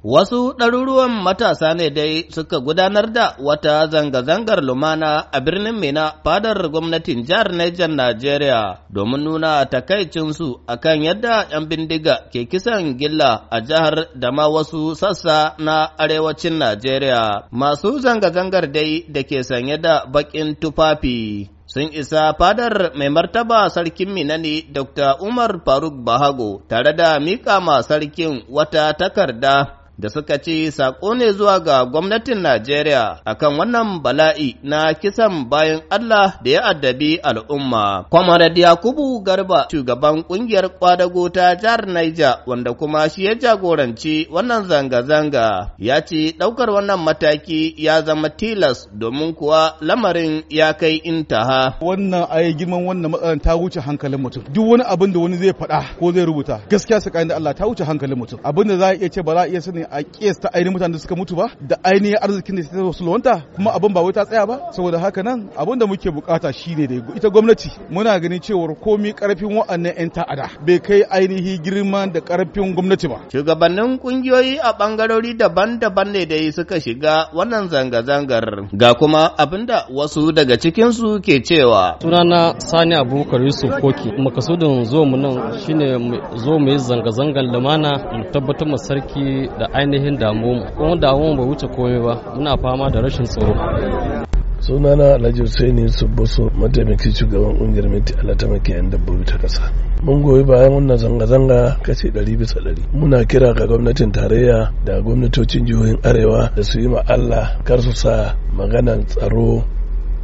Wasu ɗaruruwan matasa ne dai suka gudanar da wata zanga-zangar lumana a birnin Mina fadar gwamnatin jihar Niger Najeriya domin nuna takaicinsu a kan yadda ‘yan bindiga ke kisan gilla a jihar da ma wasu sassa na arewacin Najeriya. Masu zanga-zangar dai da ke sanye da baƙin tufafi. sun isa fadar mai martaba sarkin minani Dr. Umar Faruk Bahago tare da mika ma sarkin wata takarda da suka ce saƙo ne zuwa ga gwamnatin Najeriya akan wannan bala'i na kisan bayan Allah da ya addabi al'umma. Kwamarad Yakubu Garba shugaban ƙungiyar kwadago ta jihar Naija wanda kuma shi ya jagoranci wannan zanga-zanga ya ce ɗaukar wannan mataki ya zama tilas domin kuwa lamarin ya kai intaha. Wannan ayi girman wannan matsalar ta wuce hankalin mutum. Duk wani abin da wani zai faɗa ko zai rubuta gaskiya tsakanin da Allah ta wuce hankalin mutum. Abin da za a iya ce ba za a iya sani a kiyasta ainihin mutanen da suka mutu ba da ainihin arzikin da ta lawanta kuma abin ba wai ta tsaya ba saboda haka nan abin da muke bukata shine da ita gwamnati muna ganin cewar komi karfin wa'annan 'yan ta'ada bai kai ainihin girma da karfin gwamnati ba. Shugabannin kungiyoyi a bangarori daban-daban ne dai suka shiga wannan zanga-zangar ga kuma abinda wasu daga cikinsu ke cewa. Sunana Sani Abubakar Yusuf Koki makasudin zo mu nan shine zo mu yi zanga-zangar lumana mu tabbatar mu sarki da ainihin damuwa kuma damuwa bai wuce komai ba muna fama da rashin tsaro sunana alhaji su subboso mataimakin shugaban kungiyar miti alata makiyayin dabbobi ta kasa mun goyi bayan wannan zanga-zanga kashe ɗari bisa ɗari. muna kira ga gwamnatin tarayya da gwamnatocin jihohin arewa da su yi ma'alla kar su sa maganan tsaro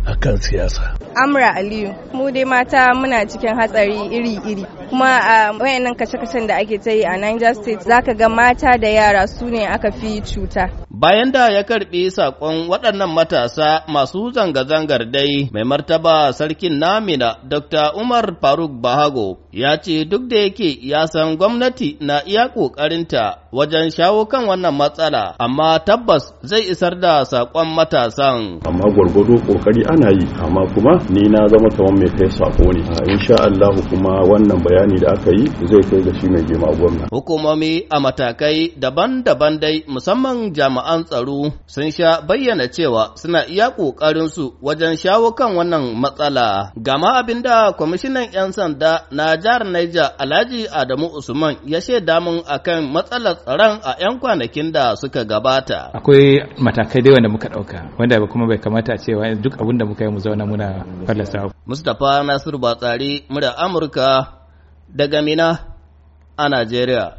akan siyasa amra aliyu mu dai mata muna cikin hatsari iri-iri kuma a ah, wayannan kace-kacen da ake ta yi a Niger State za ka ga mata da yara su ne aka fi cuta Bayan da ya karɓi saƙon waɗannan matasa masu zanga-zangar dai mai martaba sarkin namina Dr. Umar Faruk Bahago ya ce duk da yake ya san gwamnati na iya ƙoƙarinta wajen shawo kan wannan matsala amma tabbas zai isar da saƙon matasan. Amma gwargwado ƙoƙari ana yi amma kuma ni na zama kamar mai kai saƙo ne. Insha Allahu kuma wannan bayani da aka yi zai kai ga shi mai girma gwamna. Hukumomi a matakai daban-daban dai musamman jama'a jami'an tsaro sun sha bayyana cewa suna iya su wajen shawo kan wannan matsala. Gama abin da kwamishinan 'yan sanda na jihar Niger Alhaji Adamu Usman ya shaida mun akan matsalar tsaron a 'yan kwanakin da suka gabata. Akwai matakai da wanda muka ɗauka wanda kuma bai kamata cewa duk abin muka yi mu zauna muna fallasa. Mustapha Nasiru Batsari, murya Amurka daga Mina a Najeriya.